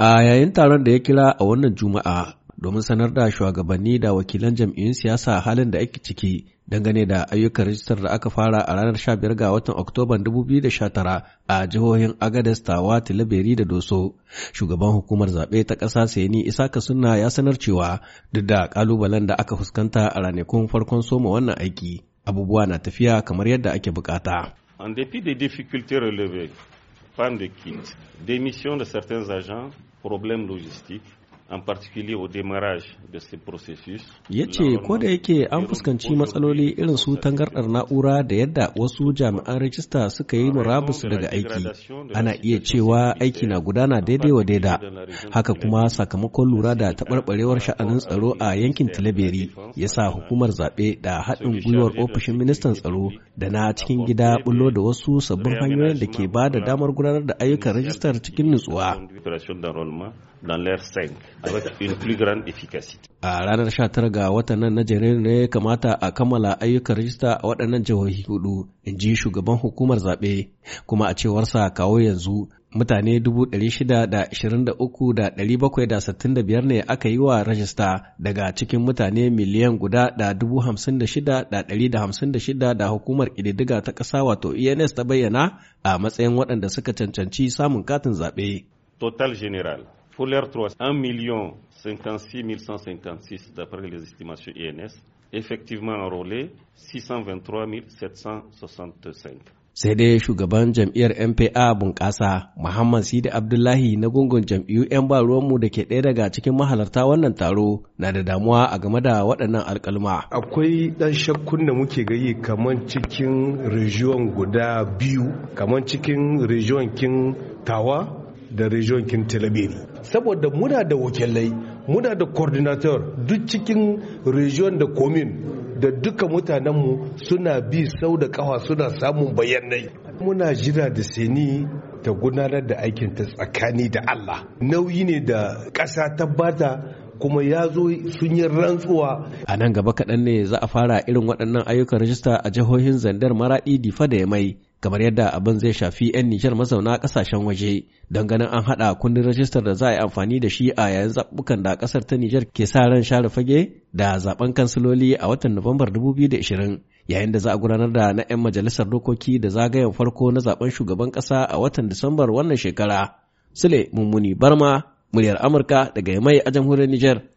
A yayin taron da ya kira a wannan Juma'a domin sanar da shugabanni da wakilan jam'iyyun siyasa halin da ake ciki dangane da ayyukan rijistar da aka fara a ranar 15 ga watan Oktoban 2019 a jihohin Agadez, Tawa, Tilaberi da Doso. Shugaban hukumar zaɓe ta ƙasa Seni Isaka Sunna ya sanar cewa duk da ƙalubalen da aka fuskanta a ranakun farkon soma wannan aiki, abubuwa na tafiya kamar yadda ake bukata. de kits, démission de certains agents, problèmes logistiques, en particulier au démarrage de ce processus. Ya ko da yake an fuskanci matsaloli irin su tangardar na'ura da yadda wasu jami'an rajista suka yi murabus daga aiki, ana iya cewa aiki na gudana daidai wa daida. Haka kuma sakamakon lura da taɓarɓarewar sha'anin tsaro a yankin Tilaberi ya sa euh, hukumar zaɓe da haɗin gwiwar ofishin ministan tsaro da na cikin gida bullo da wasu sabbin hanyoyin da ke ba da damar gudanar da ayyukan rajistar cikin nutsuwa. avec une plus grande efficacité. A ranar 19 ga watan nan na Janairu ne kamata a kammala ayyukan rajista a waɗannan jihohi hudu, in ji shugaban hukumar zaɓe, kuma a cewar sa kawo yanzu mutane 623,765 ne aka yi wa rajista daga cikin mutane miliyan guda da 56,156 da hukumar ƙididdiga ta ƙasa wato ENS ta bayyana a matsayin waɗanda suka cancanci samun katin zaɓe. Total General pour 3, 1 156 d'après les estimations INS, effectivement enrôlé 623 765. Sai dai shugaban jam'iyyar MPA bunƙasa Muhammad Sidi Abdullahi na gungun jam'iyyu 'yan ba ruwanmu da ke ɗaya daga cikin mahalarta wannan taro na da damuwa a game da waɗannan alƙalma. Akwai ɗan shakkun da muke gayi kamar cikin rijiyon guda biyu, cikin kin tawa da region kin talabiri saboda muna da wakilai muna da coordinator duk cikin rijiyon da komin da duka mutanenmu suna bi sau da kawa suna samun bayanai muna jira da seni ta gudanar da aikin ta tsakani da Allah nauyi ne da ƙasa ta bata kuma ya zo sun yi rantsuwa a nan gaba kaɗan ne za a fara irin waɗannan ayyukan rajista a jihohin zandar maraɗi difa da ya mai kamar yadda abin zai shafi 'yan Nijar mazauna kasashen waje don ganin an haɗa kundin rajistar da za a yi amfani da shi a yayin zabukan da ƙasar ta Nijar ke sa ran share fage da zaɓen kansiloli a watan Nuwambar 2020 yayin da za a gudanar da na 'yan majalisar dokoki da zagayen farko na zaɓen shugaban ƙasa a watan Disambar wannan shekara. Sule Mummuni Barma, muryar Amurka daga Yamai a jamhuriyar Nijar.